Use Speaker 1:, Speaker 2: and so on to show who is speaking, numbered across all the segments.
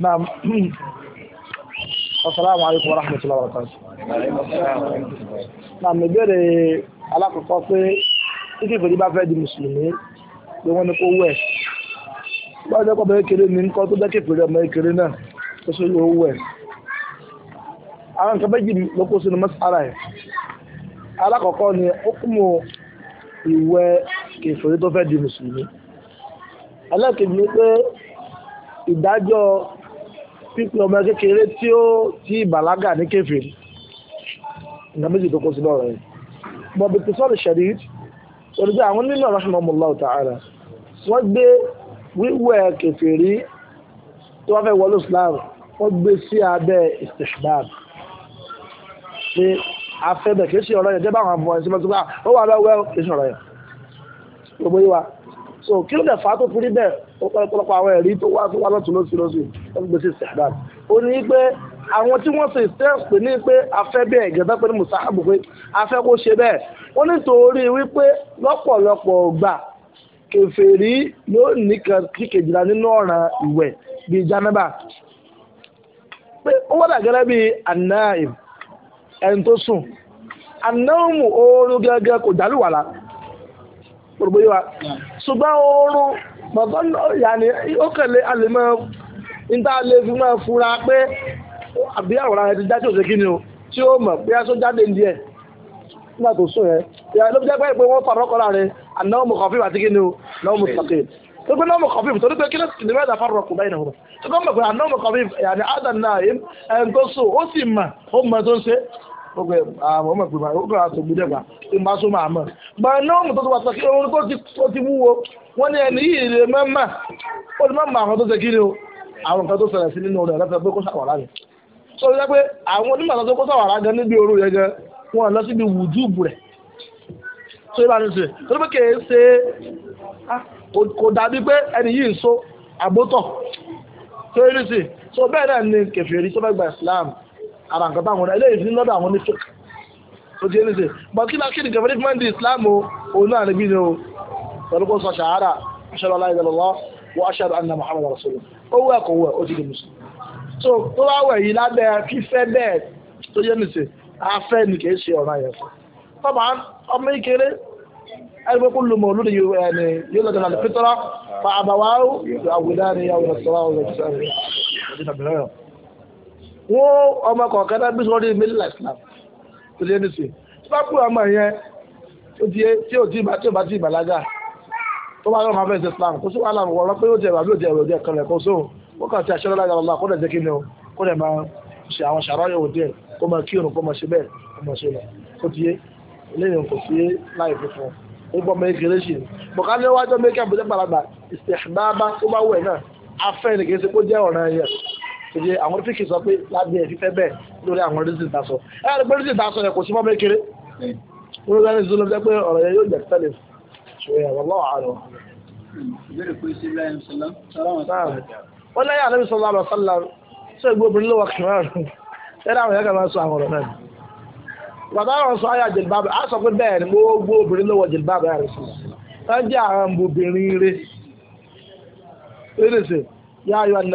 Speaker 1: نعم السلام عليكم ورحمة الله وبركاته نعم ìbéèrè alákọ̀ọ́kọ́ pé títí ìfòdí bá fẹ́ di mùsùlùmí pé wọ́n ní kó wẹ̀ báyọ̀ jẹ́kọ̀ọ́ bẹ́ẹ̀ kéré ní nǹkan tó dẹ́kẹ̀ pèrè ọmọ ìkéré náà tó ṣe yóò wẹ̀ àwọn nǹkan méjì ló kó sínú mọ́sára ẹ̀ alákọ̀ọ́kọ́ ni ó kúmọ̀ ìwẹ̀ kèfèrí tó fẹ́ di mùsùlùmí ẹlẹ́kejì ni pé ìdájọ́ pípín ọmọ kékeré tí ó ti ìbàlágà ní kèfèrí ìgbà méjì tó kó sí lọ́rọ̀ yìí bọ̀bí tí sọ́ọ̀rọ̀ ṣẹ̀rí torí pé àwọn onímọ̀ rahimahumullahu ta'ala wọ́n gbé wíwẹ̀ kèfèrí tó wá fẹ́ wọlé Islam wọ́n gbé sí abẹ́ istihbab pé afẹ́bẹ̀ kìí ṣe ọ̀rọ̀ yẹn jẹ́ báwọn àbọ̀ ẹ̀sìn mọ́tò bá ah, ó wà lọ́wọ́ kìí ṣe ọ̀rọ̀ yẹn gbogbo yìí wa so kí ló dẹ̀ fà á tó fi rí bẹ́ẹ̀ ọ̀pọ̀lọpọ̀ àwọn ẹ̀rí tó wá tó wá lọ́tún lọ́sí lọ́sí wọ́n gbèsè sẹ̀dá ó ní pé àwọn tí wọ́n sì sẹ́ẹ̀pì ní pé afẹ́ bẹ́ẹ̀ gẹ̀dá pé ní mùsàábù pé afẹ́ kó ṣe bẹ́ẹ̀ ó nítorí wípé lọ́pọ̀lọpọ̀ gbà kèfèrí yóò ní kíkejìlá nínú ọ̀ràn ìwẹ̀ bíi jánábà pé ó wọ́n dàgẹ́rẹ́ bíi anáìm ẹni tó sùn anáìmù oorun gẹ́gẹ́ kò dálùwàlà gbogbo yìí wa ṣùgbọ́n oorun mọ̀gọ́nà yàní ó kẹ̀lé alẹ́ mọ́ níta lè fi máa fura pé àbí àwòrán rẹ ti já tí ò ṣe kí ni o tí ó mọ̀ bí aṣọ jáde díẹ̀ nígbà tó sùn yẹn ìyá ló fi jẹ́ pé wọ́n farọ́ kọ́ra rẹ ànáwó mọ̀ kọ́fí àti kí ni o náwó mọ̀ sàkè tó gbé náwó mọ̀ kọ́fí torí pé kí ló sì ní mẹ́ta farọ́ kù báyìí náà tó gbọ́ mọ̀ pé ànáwó mọ̀ kọ́fí gbogbo àwọn ọmọ ìpè máa gbogbo àtògbè dẹ́gbà tí mo bá sọ máa mọ̀. bàbá náà mo tọ́tù pàtàkì ohun tó ti wúwo wọ́n ní ẹni yìí lè má mà ó lè má mà àwọn tó ṣe kí ni o àwọn nǹkan tó ṣẹlẹ̀ sí nínú rẹ̀ láti kó ṣàwárà rẹ̀. sọ wípé pé àwọn onímọ̀ tó kó ṣàwárà gan níbi òru yẹn gan wọn lọ síbi wùdúùbù rẹ̀. sọ yìí bá ní sè torí pé kìí ṣe ah, kò dàbí pé ẹni yìí ń so àgbótọ̀. sọ yìí ní sè so bẹ́ẹ̀ náà ni kẹfìrí tó gba ìsìláàmù ara nǹkan táwọn ọ̀dà eléyìí fi lọ́dọ̀ àwọn onífẹ́ tó ti ẹnìṣe but kí lákìdí gẹ̀fẹ́lì fún ẹ̀ndì islam òun náà níbí ni o pẹ̀lú kó sọ ṣàhárà aṣọ́rọ̀ láì lọ́lọ́ wọ́n aṣọ́rọ̀ anna muhammad rasulù ó wẹ̀ kó wẹ̀ ó ti di musulmi so tó bá wẹ̀ yìí lábẹ́ fífẹ́ bẹ́ẹ̀ tó yẹ nìṣe afẹ́ ni kì í ṣe ọ̀ràn yẹn fún tọ́ba ọmọ ìkéré ẹgbẹ́ kó lu mọ̀lúdi yóò lọ́dọ̀ náà fitọ́rọ́ fa àbáwá wọ́n ọmọ kọ̀ọ̀kan náà bí sọ́ọ́rí mílíọ̀nù islam kò lè nìsín tí wọ́n pè ọmọ yẹn tí ò tí ò bá tí ì bàlágà tó bá yọ̀ọ́ máa fẹ́ ṣe islam kó sí wàhálà wọ̀ ọ́ pé ó jẹ́ ìwà bí ó jẹ́ ìwà òjò ẹ̀kan rẹ̀ kó sóhùn wọ́n kàn ti aṣọ lọ́la ọ̀la kó dẹ̀ jẹ́ kí ni o kó dẹ̀ máa ṣe àwọn ṣàrọ̀ yòó díẹ̀ kó máa kírun kó máa ṣe bẹ́ẹ̀ kó máa ṣe lọ kó ti yé eléyìí kò sí láì fi fún un gbọ́ mọ ekele ṣì bọ̀ká ní wájú mẹ́kẹ́ àbújá gbàlagbà ìṣèǹbá bá tó bá wẹ̀ náà afẹ́ nìkan ṣe kó jẹ́ ọ̀ràn yẹn ṣèjì àwọn fíkì sọ pé lábẹ́ ẹ̀ fífẹ́ bẹ́ẹ̀ lórí àwọn rísìn tá a sọ ẹ ẹ pé rísìn tá a sọ yẹn kò sí mọ́ bẹ́ẹ̀ kéré wọ́n lọ́wọ́ ẹni sọ́lọ́ pé ọ̀rọ̀ yẹn yóò jẹ́ tẹ́lẹ̀ ṣùgbọ́n ẹ̀rọ lọ́wọ́ àárọ̀. wọ́n lẹ́yìn àlẹ́ sọ́lá àlọ́ sọ́lá sọ ìgbó obìnrin ló wà kìnnìún ẹ̀rọ àwọn yẹn kà máa sọ àwọn ọ̀rọ̀ náà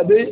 Speaker 1: bàbá àwọn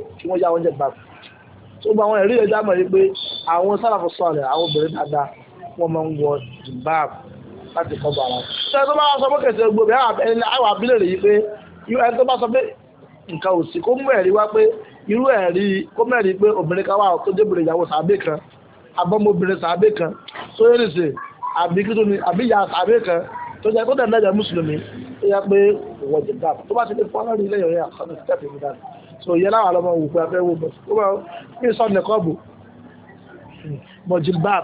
Speaker 1: kí wọ́n yá oúnjẹ gbà fún tó gba àwọn ẹ̀rí ẹja mọ̀ yìí pé àwọn sálàfù sọ̀rọ̀ àwọn obìnrin dáadáa wọ́n máa ń wọ jìbáàbù láti kọ́ bọ̀ àwọn. ṣé tó bá sọ pé kẹsì gbòmí àwọn abílẹ̀ rẹ̀ yìí pé ẹni tó bá sọ pé nǹkan ò sí kó mú ẹ̀rí wá pé irú ẹ̀rí kó mẹ́rin pé obìnrin kan tó débìnrin ìyàwó sàbẹ̀ kan abọ́mọbìnrin sàbẹ̀ kan tó yẹ nìṣe àbí kí tó ní àbí ìyá sàbẹ̀ kan tó so ìyẹn láwọn ọmọ òwò fún afẹ́ wo bọ̀ ó bá mi sọ nìkan bò mojibab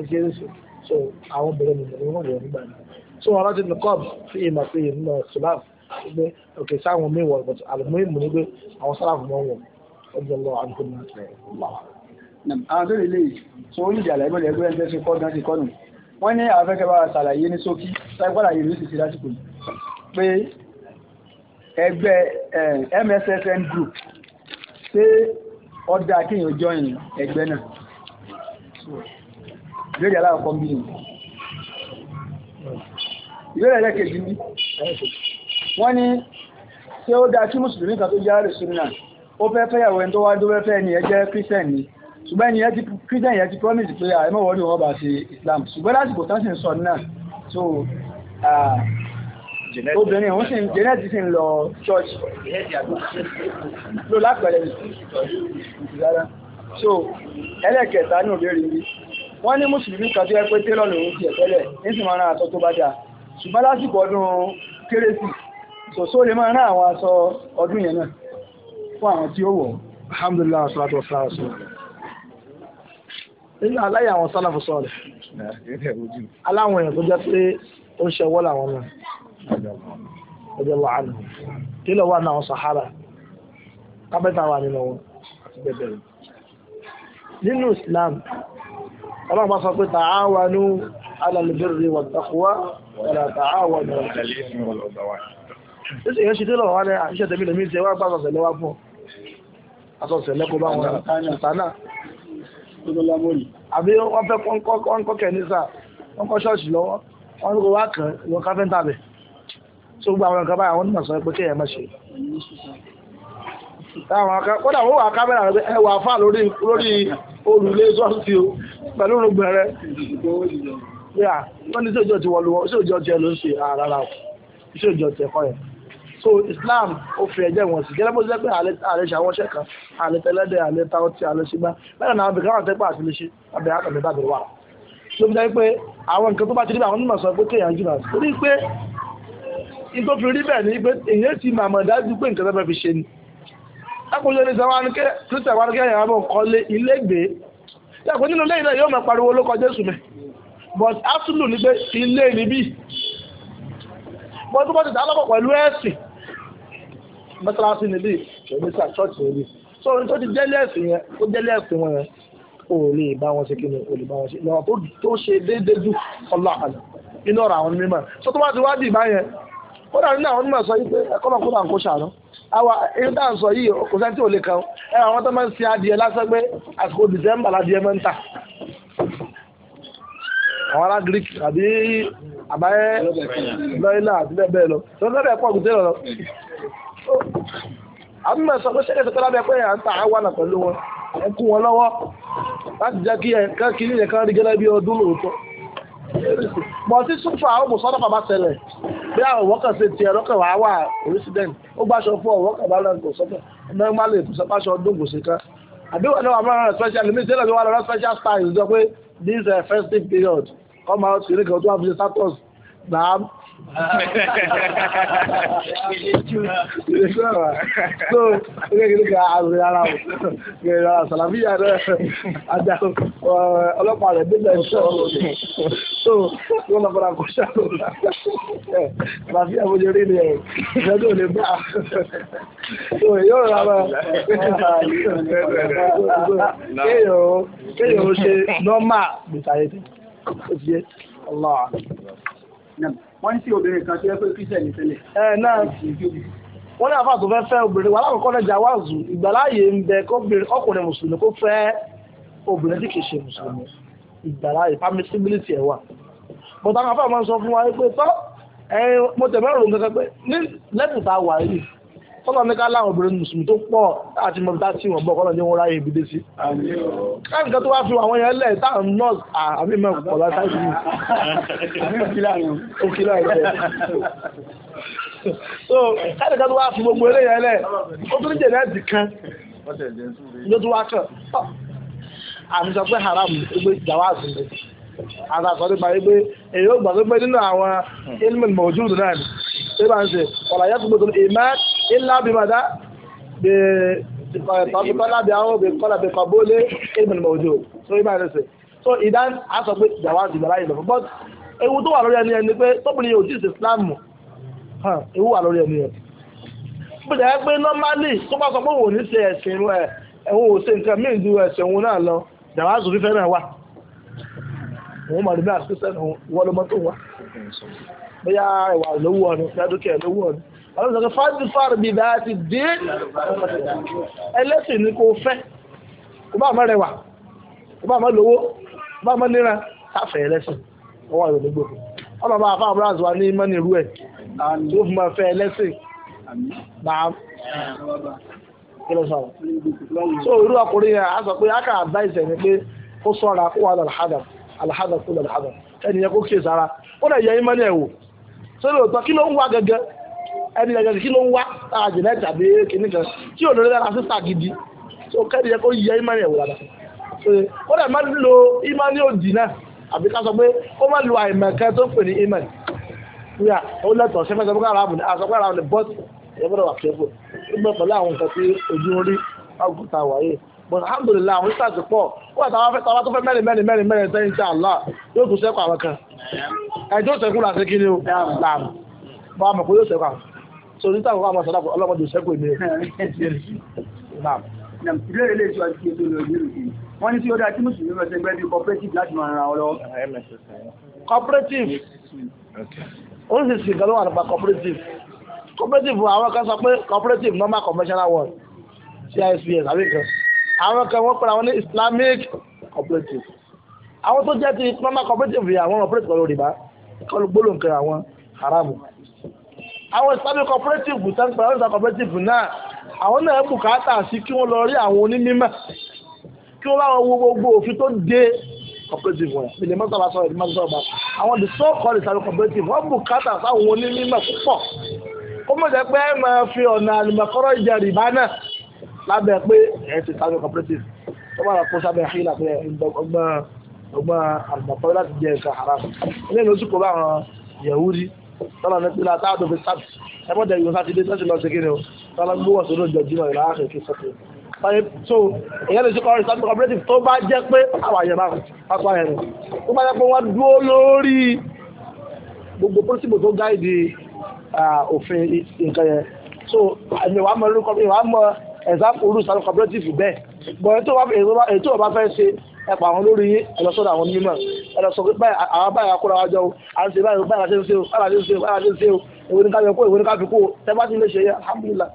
Speaker 1: ẹ̀jẹ̀ ń sọ so àwọn obìnrin nìkan wọn wọ̀ nígbà yẹn so wọn rántí nìkan fi ìmọ̀ fi ìmọ̀ sùláf gbé òkè sáwọn mi wọ̀ but àlùmọ́ ìmọ̀ ni pé àwọn sáláfù mọ̀ wọ̀ ọjọ́ lọ àdúgbò náà tẹ̀ láwà. àwọn tó lè lè so ó yìí àlàyé bọ́lẹ̀ ẹgbẹ́ ẹgbẹ́ ṣe kọ́ gan ṣe kọ́ nù wọ́n ní àwọn afẹ́kẹ́ ẹgbẹ́ eh, MSSN group ṣé ọ̀dà kéèyàn join ẹgbẹ́ náà ìbéèrè aláwọ̀kọ́ ń bí ni ìbéèrè ẹlẹ́kejì ni wọ́n ní ṣé ó dáa kí mùsùlùmí kan tó járe sínú náà ó fẹ́ fẹ́yàwó ẹni tó wá tó fẹ́ fẹ́ ni ẹ jẹ́ christian ni ṣùgbọ́n ẹni christian yẹn ti promise pé àìmọ̀wọ́ ni wọ́n bá ṣe islam ṣùgbọ́n lásìkò tán sì ń sọ náà so ah, obìnrin òun sì ń jẹ́nẹ́tì sì ń lọ church. ló lápẹ̀rẹ̀ rárá so ẹlẹ́kẹta ní òbí rí wọ́n ní mùsùlùmí kan tó yẹ pé tẹ́lọ̀ lòun ti ẹ̀tẹ́lẹ̀ ní sì máa rán aṣọ tó bá dáa ṣùgbọ́n lásìkò ọdún kérésì sòsó lè máa rán àwọn aṣọ ọdún yẹn náà fún àwọn tí ó wọ̀ alhamdulillah asalatu wasalasu nínú aláyà àwọn sálàfù sọ̀rọ̀ aláwọn èèyàn tó jẹ́ pé ó ń ṣe ọwọ́ làwọn náà radiyallahu anhu kí ló wà náà sàhábà kábẹ́tà wà nínú wọn àti bẹ́ẹ̀ bẹ́ẹ̀ nínú Islam ọlọ́run bá sọ pé ta'awanu ala al-birri wat-taqwa wa la ta'awanu ala al-ithmi wal-'udwan ṣíṣe yẹn ṣe dé lọ́wọ́ wá ní àṣìṣe tẹ̀mí lèmi ṣe wá gbà sọ̀sẹ̀ lẹ́wà fún àsọ̀sẹ̀ lẹ́kọ̀ọ́ bá wọn ṣàtánà àbí wọ́n fẹ́ kọ́ńkọ́ kẹ́ni sá wọ́n kọ́ ṣọ́ọ̀ṣì lọ́wọ́ wọ́n kọ́ wá kàn wọ́n káfẹ́ńtà bẹ̀ so gbogbo àwọn nǹkan báyìí àwọn onímọ̀ sọ pé kí ẹ̀ mọ̀ ṣe táwọn kan kódà wọ́n wà kámẹ́rà rẹ̀ ẹ wà fà lórí olùlé sọ́ọ̀sì o pẹ̀lú orúgbìn rẹ̀ wọ́n ní sóòjọ́ ti wọlé wọn sóòjọ́ tiẹ̀ ló ń ṣe àràrà ah, o sóòjọ́ tiẹ̀ kọ́ yẹn so Islam ó fi ẹ̀jẹ̀ wọn sí gẹ́gẹ́ bó ṣe pé àlẹ́ ṣàwọn ṣẹ́ kan àlẹ́ tẹ́lẹ́dẹ̀ àlẹ́ táwọn ti àlẹ́ ṣe gbá bẹ́ẹ̀ náà bìkan àti pé àtìlẹ́ ṣe àbẹ̀ àtàlẹ́ bàbẹ̀ wà ló fi jẹ́ pé àwọn nǹkan tó bá ti rí àwọn onímọ̀ sọ pé kéèyàn jìnnà torí pé ìtò fi rí bẹ́ẹ̀ ni pé èyí ti màmọ̀ dájú pé nǹkan tó fẹ́ fi ṣe ni lákòóso ní sàwánikẹ́ kristian wánikẹ́ yẹn àbọ̀ kọ́lé ilé gbé yàtọ̀ nínú lẹ́yìn náà yóò mọ̀ pariwo ló kọjá èsù mẹ́ but asulu ni pé ilé níbí bọ́tú bọ́tú tààlọ́pọ̀ pẹ̀lú ẹ̀sìn mọ́tàlásì níbí ṣòmísà ṣọ́ọ̀tì níbí so ohun tó ti jẹ́lẹ̀ ẹ̀sìn yẹn ó o lè bá wọn ṣe kí ni o lè bá wọn ṣe lọ́wọ́ tó ṣe déédéé jù ọlọ́ àná inú ọ̀rọ̀ àwọn mímọ́ so bá ti wá dì ó dàbí náà àwọn onímọ̀ sọ yìí pé ẹ̀kọ́ náà kó náà kó ṣàánú àwa èyí tá à ń sọ yìí kò sẹ́ni tí ò ẹ àwọn tó máa ń ṣe adìẹ lásán pé àsìkò ládìẹ máa ń tà àwọn ará greek àbí àbáyé lọ́yìnà àti bẹ́ẹ̀ bẹ́ẹ̀ lọ tó lọ́bẹ̀ pọ̀ gùdé lọ. pé ṣé pé à ń pẹ̀lú wọn ẹ bí àwọn ọ̀wọ́kàn ṣe tiẹ̀ lọ́kàn wá wà oríṣìdẹ́ǹt ó gbàṣọ fún ọ̀wọ́kàn bá lọ́nà kò sọ́kàn ọmọ ẹgbẹ́ máa lè kò sọ́pàṣọ ọdún kò sí kan àbí wọn náà wà máa rán special limit tẹ́lẹ̀ tó wà lọ́nà special style sọ pé this festive period come out kìnnìkan tó wà fi ṣe status náà so ẹgbẹ́ kìíní ka àrùn ara o gbèrè ara sàlàmíyà rẹ ada ọlọ́pàá rẹ débẹ̀ ṣọ́ ọ̀rọ̀ so wọ́n lọ fara kó ṣàlù ẹ̀ sàlàmíyà mo jẹ́ rí ni ẹ̀ ìṣẹ́jú ò lè bá so yóò rà wá kéèyàn ó ṣe nọ́mà gbèsè ayé tẹ̀ ó ti yẹ ọlọ́wà wọ́n ní sí obìnrin kan tí wọ́n pé kírísẹ̀ ní tẹ́lẹ̀. ẹ náà wọ́n ní àfa tó fẹ́ fẹ́ obìnrin wa alákọ̀ọ́kọ́ náà jàwáàzù ìgbàláyè ń bẹ ọkùnrin mùsùlùmí kó fẹ́ obìnrin tí kì í ṣe mùsùlùmí ìgbàláyè permissibility ẹ̀ wà. bọ̀dọ̀ àwọn afáàmọ́ sọ fún wa pé tọ́ ẹ̀yin mo tẹ̀ mẹ́rin ló ń kẹ́kẹ́ pé ní lẹ́tù wà yìí kọ́lọ̀ ní ká láwọn obìnrin mùsùlùmí tó pọ̀ láti mọ̀ bíta tí wọ́n bọ̀ kọ́lọ̀ ní wọ́n ráyè ibi dé sí. káàkiri kan tó wá fi àwọn yẹn lẹ̀ táwọn nọ́ọ̀sì àbí mẹ́rin pọ̀ láti ṣáàjú yìí. ó kí láàrin rẹ̀. so káàkiri kan tó wá fi gbogbo eléyà lẹ̀ ó tún ní jẹ̀nẹ́ẹ̀tì kan ló tún wá kàn. àmì sọ pé haram gbogbo ìjàwá àtúndì àtàkọ́ nípa yìí pé èyí ó gbàgbé nínú àwọn ilmi mọ̀jú náà ṣébà ń ṣe ọ̀rọ̀ ayé tó gbogbo ìmọ̀ ilá bí màdá bí kọ́lá bí àwọn bí kọ́lá bí kọ́bólé ìmọ̀ ìmọ̀ òjò tó ìmọ̀ ẹ̀rẹ́ ṣe so ìdán a sọ pé jàwá ti gbàlá ìlọ but ewu tó wà lórí ẹni ẹni pé tóbìnrin yóò jíìsì Islam ewu wà lórí ẹni ẹ bí jẹ́ pé normally tó bá sọ pé òun ò ní ṣe ẹ̀sìn ẹ̀ ẹ̀hún ò ṣe nǹkan míì ju ẹ̀sìn òun náà lọ jàwá sùn fífẹ́ náà bóyá ìwà ìlówó ọ̀nù ládùúkẹ́ ìlówó ọ̀nù àwọn ìsọ̀kẹ́ fájúfáàrù bíi báyà ti dé ẹlẹ́sìn ni kò fẹ́ kò bá àmọ́ rẹwà kò bá àmọ́ lówó kò bá àmọ́ níra káfẹ́ ẹlẹ́sìn ọwọ́ àyọ̀ ló gbòòrò wọ́n bàbá àfa àbúrò àzùwà ní mọ́ni irú ẹ̀ tó fi máa fẹ́ ẹlẹ́sìn náà kí ló sọ̀rọ̀ so irú ọkùnrin yẹn a sọ pé a kà advice ẹ̀ ni pé kó sọ̀ra kó wà lọ́làhádà alhádà kó lọ́làhádà ẹnìyẹn kó kíyèsára ó lè yẹ ìmọ̀ ní ẹ̀wò sórí òótọ́ kí ló ń wá gẹ́gẹ́ ẹni gẹ́gẹ́ kí ló ń wá lára jìnnà tàbí kìnnì kan tí ò lórí lára sísà gidi tó kẹ́ni yẹ kó yẹ ìmánì ẹ̀wò rárá ó dẹ̀ má lo ìmánì òdì náà àbí ká sọ pé ó má lo àìmọ̀kẹ́ tó pè ní ìmánì wíwá ó lẹ́tọ̀ ṣẹ́fẹ́ sọ pé aráàmù ni àṣọ pé aráàmù ni bọ́ọ̀tì ìyẹ́fọ́dọ̀ wà kẹ́fù nígbà pẹ̀lú alhamdulilayi àwọn sísà pọ̀ wọ́n àtàwọn afẹ́tàwọn tó fẹ́ mẹ́rin mẹ́rin mẹ́rin mẹ́rin sẹ́yìn tí àlá yóò tún ṣẹ́kọ̀ àwọn kan ẹni tó sẹ́kù làṣẹ kí ni o làmù bá a mọ̀ pé yóò sẹ́kù àwọn so níta kò káwọn sọ̀dọ̀ ọlọ́mọdé sẹ́kù èmi rẹ̀ wọ́n ní tí ó dá tí mùsùlùmí rẹ̀ ṣẹgbẹ́ bí cooperative láti máa ra ọ lọ. cooperative ó sì sì gan ló wà nípa cooperative cooperative àwọn kan sọ pé cooperative normal conventional one CISBS àbí kan àwọn kan wọ́n pẹ̀lú àwọn ní Islamic cooperative àwọn tó jẹ́ ti normal cooperative yà àwọn operate pẹ̀lú rìbá kọlu gbólóǹkẹ àwọn haramu àwọn islamic cooperative tẹ́ǹtì pẹ̀lú ìta cooperative náà àwọn náà bùkátà sí kí wọ́n lọ rí àwọn onímọ̀ kí wọ́n láwọn wo gbogbo òfin tó dé cooperative wọn ilé mọ́tàlá sọ̀rọ̀ ìdí mọ́tàlá sọ̀rọ̀ àwọn the so called islamic cooperative wọ́n bùkátà sáwọn onímọ̀ púpọ̀ kó mọ̀ jẹ́ pé ẹ máa fi ọ̀nà àlùmọ̀kọ́rọ̀ ìjẹ rìbá náà lábẹ́ pé ẹ̀ ti islamic cooperative tó bá rà kó sábẹ́ àhílà pé ọgbọ́n ọgbọ́n àgbàkọ́ láti jẹ nǹkan haram ilé ìlú oṣù kò bá àwọn yahudi tọ́lá ní pílá táàdó fi sáàtì ẹgbọ́n jẹ ìwọ̀n sátidé tọ́sí lọ sí kíni o tọ́lá gbówó sódò jọjúmọ̀ ìlà áhùn kí sọ́kè báyìí tó èyàn lè ṣe kọ́ ọ̀rẹ́sì cooperative tó bá jẹ́ pé àwọn àyẹ̀mọ́ apá ẹ̀rọ tó bá jẹ́ pé wọ́n dúró lórí gbogbo pírísìpù tó gáìdì òfin nǹkan yẹn so ẹ̀mí wàá mọ ẹ̀sán orú sáré cooperative bẹ́ẹ̀ bọ̀ ètò ọba fẹ́ ṣe ẹ pa àwọn olórí yín ẹ lọ sọ́dọ̀ àwọn mímọ́ ẹ lọ sọ pé báyìí àwọn báyìí akóra wájọ o à ń ṣe báyìí báyìí àti ṣe o báyìí àti ṣe o báyìí àti ṣe o èwo ni ká yọ kó èwo ni ká fi kó o tẹ bá ti lè ṣe yẹ alhamdulillah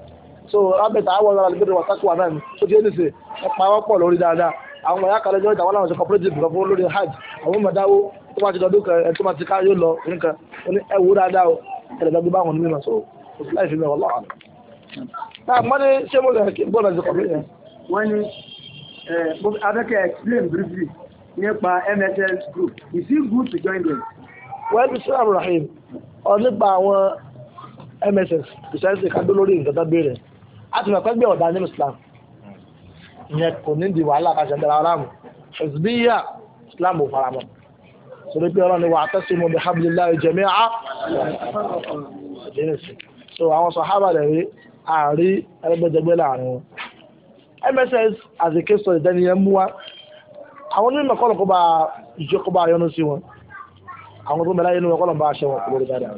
Speaker 1: so rábẹ̀tà àwọn ọ̀rọ̀ àlùbẹ̀rẹ̀ wà sákò wà náà o tó ti yé nìṣe ẹ pa wọ́n pọ̀ lórí dáadáa àwọn ọmọ yàkàlẹ̀ jọ ìjà wọn làwọn ṣe cooperative kan fún lórí hajj àwọn ọmọ dáwó tó bá ti dọdún kan ẹ tó bá ti ká yóò lọ nǹkan ó ní ẹ o ẹ lè gbàgbé báwọn onímọ̀ so kò sí láì fi mẹ́wàá lọ́wọ́ àná. náà mọ́ni ṣé mo lè gbọ́dọ̀ ṣe kọ̀ọ̀bí yẹn. wọ́n Eh, Abẹ́kẹ́ explain briefly nípa MSN group. Is it good to join them? Well, Mr. Abdulrahim, ọ nípa àwọn MSS, ìṣẹ́sì kádó lórí nǹkan tó béèrè. A ti mọ̀ pé gbé ọ̀dà nínú Islam. Ìyẹn kò ní di wàhálà kàṣẹ dára ara mu. Ìsbíyà Islam ò fara mọ́. Sori pé ọlọ́run ni wà á tẹ́sí mu bí Hablillahi jami'a. So àwọn sàhábà rẹ̀ rí àárí ẹgbẹ́jẹgbẹ́ láàrin wọn mss as a case study dẹni yẹn mú wa àwọn onímọ̀ kọ́ lọ́kọ́ bá ìjókòó bá yọnu sí wọn àwọn tó mẹ́láyé nínú ọkọ́ lọ́nà bá aṣọ wọn kúrò dáadáa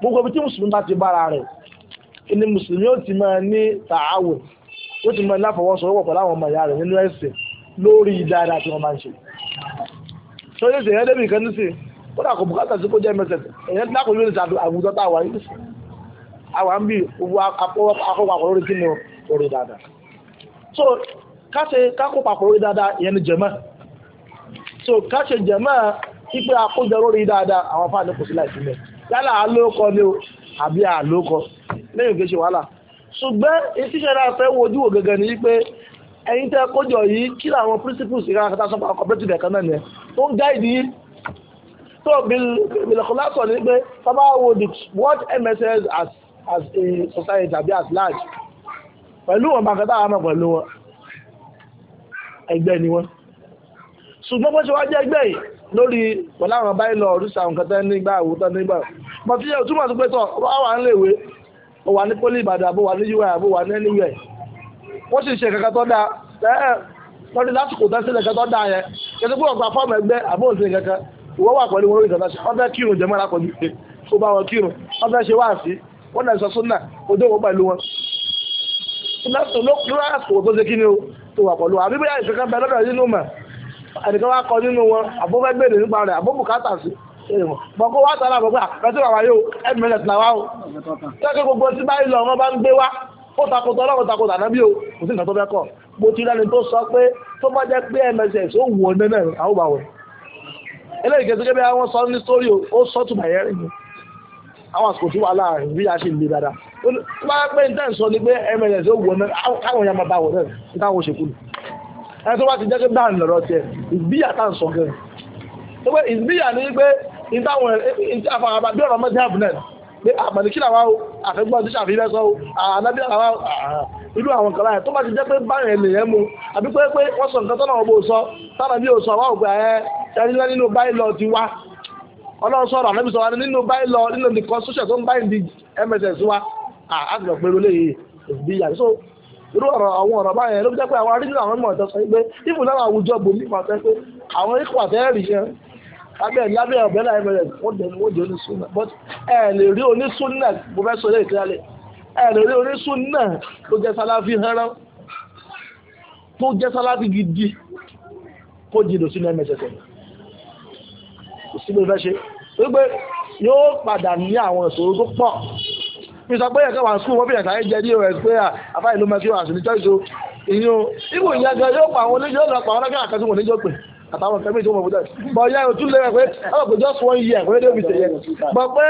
Speaker 1: gbogbo ibi tí mùsùlùmí bá ti bára rẹ̀ ni mùsùlùmí ó ti máa ní tààwò ó ti máa láfọwọ́sowọ́pọ̀ pẹ̀lú àwọn ọmọ ìyá rẹ̀ nínú ẹ̀sìn lórí dáadáa tí wọ́n máa ń ṣe tó yẹ sèyàn débi kan nísìn kódà kò bùkátà sí kó jẹ́ mẹsẹ̀ èyàn tí lákòóyè nísìn àwùjọ tá a wà yìí àwọn àmì gbogbo akọ́wọ́ akọ́wọ́ akọ́wọ́ lórí kí ni orí dáadáa so káṣe kákó papọ̀ lórí dáadáa ìyẹn ni jẹ̀mọ́ so káṣe jẹ̀mọ́ ipe àkójọ lórí dáadáa àwọn afáàní kò sí láìsí mẹ́ yálà àlókọ ni o àbí àlókọ lẹ́yìn kì í ṣe wàhálà ṣùgbọ́n ìṣiṣẹ́ náà fẹ́ wojú wò gẹ́gẹ́ ni wípé ẹ̀yin tẹ́ kójọ yìí kí làwọn principles ìka kata sọ́kà cooperative ẹ̀ka náà nìyẹn tó ń gáìdì yìí tó bìlẹ̀kọ̀lá sọ ni pé what MSS as as society àbí as large pẹ̀lú wọn bàkà táwọn náà pẹ̀lú wọn ẹgbẹ́ ni wọn ṣùgbọ́n bó ṣe wá jẹ́ ẹgbẹ́ yìí lórí pẹ̀lú àwọn báyìí lọ oríṣi àwọn kan tẹ́ nígbà àwòtán nígbà bọ́ ti yẹ òtúmọ̀ sí pé tọ̀ ọ wà ń léwe ó wà ní pólí Ìbàdàn àbó wà ní ui àbó wà ní ẹnìyẹ wọ́n sì ṣe kankan tó dáa tẹ́ẹ̀ wọ́n ní lásìkò tẹ́sí kankan tó dáa yẹn kẹsí pé ọ̀gbà fọ́ọ̀mù ẹgbẹ́ àbó òsè kankan ìwọ́ wà pẹ̀lú wọn lórí kankan sùlẹ́sùn ló kúrò àsìkò tó ṣe kí ni o tó wà pẹ̀lú àbí bóyá ìṣẹ̀kan bẹ lọ́dọ̀ nínú mọ̀ ẹnìkan wá kọ nínú wọn àbúfẹ́ gbèrè nípa rẹ̀ àbúbùkátà sí bọ̀kọ́ wá sára bọ̀kọ́ àpẹtí wà wáyé o ẹ̀mẹ́lẹ̀ tí làwá o tẹ́kẹ́ gbogbo tí báyìí lọ wọn bá ń gbé wá ó takòtò ọlọ́run takòtò ànábì o kò sí nǹkan tó fẹ́ kọ̀ mo ti lẹ́ni tó sọ pé tó bá jẹ́ pé mss ó wù ọ́ nẹ́nẹ́ àwọn bá wọ̀ eléyìí kẹsí kẹbí àwọn sọ ní sórí o ó sọ tù bàyẹ́ àwọn àsìkò tí wà láàrin bí a ṣe lè dáadáa wọ́n á pé ní tẹ́ ń sọ ni pé mls ó wù ọ́ mẹ́rin káwọn èèyàn máa bá wọ̀ náà ní káwọn òṣèkú ni ẹni tó bá ti jẹ́ pé báà ń lọ̀rọ̀ tiẹ̀ ìbíyà tá à ń sọ gẹ́rẹ́ tó pé ìbíyà ni pé ìtàwọn àfàràbà bí ọ̀rọ̀ mọ́tí àbùnẹ̀ pé àmàlìkí làwa o àfẹ́gbọ́n tí sàfihàn sọ o ànábí làwa o irú àwọn kan láyà tó bá ti jẹ́ pé báyìí ènìyàn mu àbí pé pé wọ́n sọ nǹkan tọ́nà ọ̀bọ̀ sọ tọ́nà bí o sọ àwọn òpè ẹ̀ ẹ̀rílẹ̀ nínú báyìí lọ ti wá ọlọ́run sọ̀rọ̀ ànábì sọ̀rọ̀ nínú báyìí lọ nínú nìkan sọ́ṣẹ̀ tó ń báyìí di mss wa àgbà ah, pẹ̀lú eléyìí òbí yàrá so irú ọ̀rọ̀ àwọn ọ̀rọ̀ báyẹn ló fi jẹ́ pé àwọn arídìí àwọn ọmọ ìtọ́sọ yìí pé ìfù náà àwùjọ bò mí pàṣẹ pé àwọn ikú àtẹ́rì yẹn abẹ́ lábẹ́ ọ̀bẹ láì bẹ̀rẹ̀ wọ́n dẹ̀ wọ́n jẹ́ onísùnà but ẹ lè rí onísùnà mo fẹ́ sọ eléyìí kílálẹ̀ ẹ lè rí onísùnà tó jẹ́ sáláfì hẹ́rán tó jẹ́ sáláfì gidi kó jìnnà sínú ẹ̀mẹ́sẹ̀sẹ̀ kò sí pé fẹ́ ṣe wípé yóò padà ní àwọn mi sọ pé ẹ̀ka wà sùn wọ́n fi ẹ̀ka jẹ ní os pé ah, àfáà ìlú mẹ́kí wà sí ní chọ́ọ̀ṣì o ibò ìyẹn gan yóò pa àwọn oníjọ́ lọ pa àwọn ọlọ́kẹ́ àkàtúntò oníjọ́ pè àtàwọn kẹmí tó mọ̀ bó dẹ̀ bọ̀ yẹ o lé pé ọ̀rọ̀ just one year pé débi tẹ̀yẹ bọ̀ pé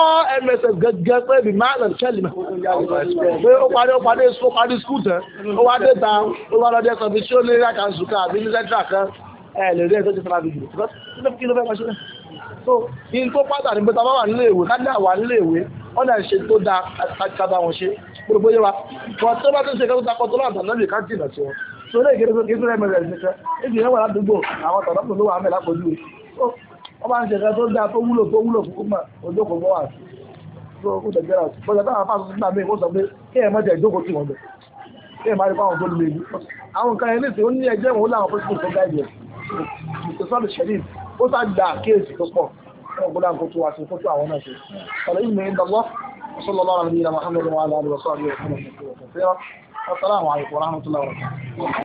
Speaker 1: ọ mss gẹ́gẹ́ pé bí marlon kelly pé ó parí ó parí ó parí school tán ó wá dé ta ó wá lọ dé sọ fi ṣé ó lé yàtọ̀ àzùkà àbí ní sẹ́ńtà kan ẹ̀ lè rí ẹ̀ tó ti fara bìbì so in tó pátá ní pé tábà wà nílé ìwé kájà wà nílé ìwé wọ́n dà ń ṣe tó da kájà wọn ṣe gbogbo yẹ wa wọn tó bá tó ṣe kẹ́kọ̀ọ́ takọ́ tó láǹtà náà lè ká jìnà sí wọn so ilé ìkéde tó kéde mẹ́rẹ̀ nìkan ibi yẹn wà ládùúgbò àwọn tọ̀dọ́pọ̀ ló wà mẹ́lá kojú rẹ̀ so wọ́n bá ń ṣe kẹ́kọ̀ọ́ tó da tó wúlò tó wúlò fún kúmọ̀ ojókòó bọ́ wà sí so ó tẹ̀gbẹ́ rà bọ́jà táwọn afáàsọ sí náà mi kó sọ pé kí ẹ̀ mọ́jà ìjókòó tì wọ́n bẹ̀ kí ẹ̀ má rí fáwọn tó lè ní àwọn ó sàgbà kéèsì tó pọ̀ ọgbọ́dá kó tó wá sí kó tó àwọn náà ṣe ọ̀rọ̀ ìlú ń dọ́gbọ́ وصلى الله على نبينا محمد وعلى اله وصحبه وسلم السلام عليكم ورحمه الله وبركاته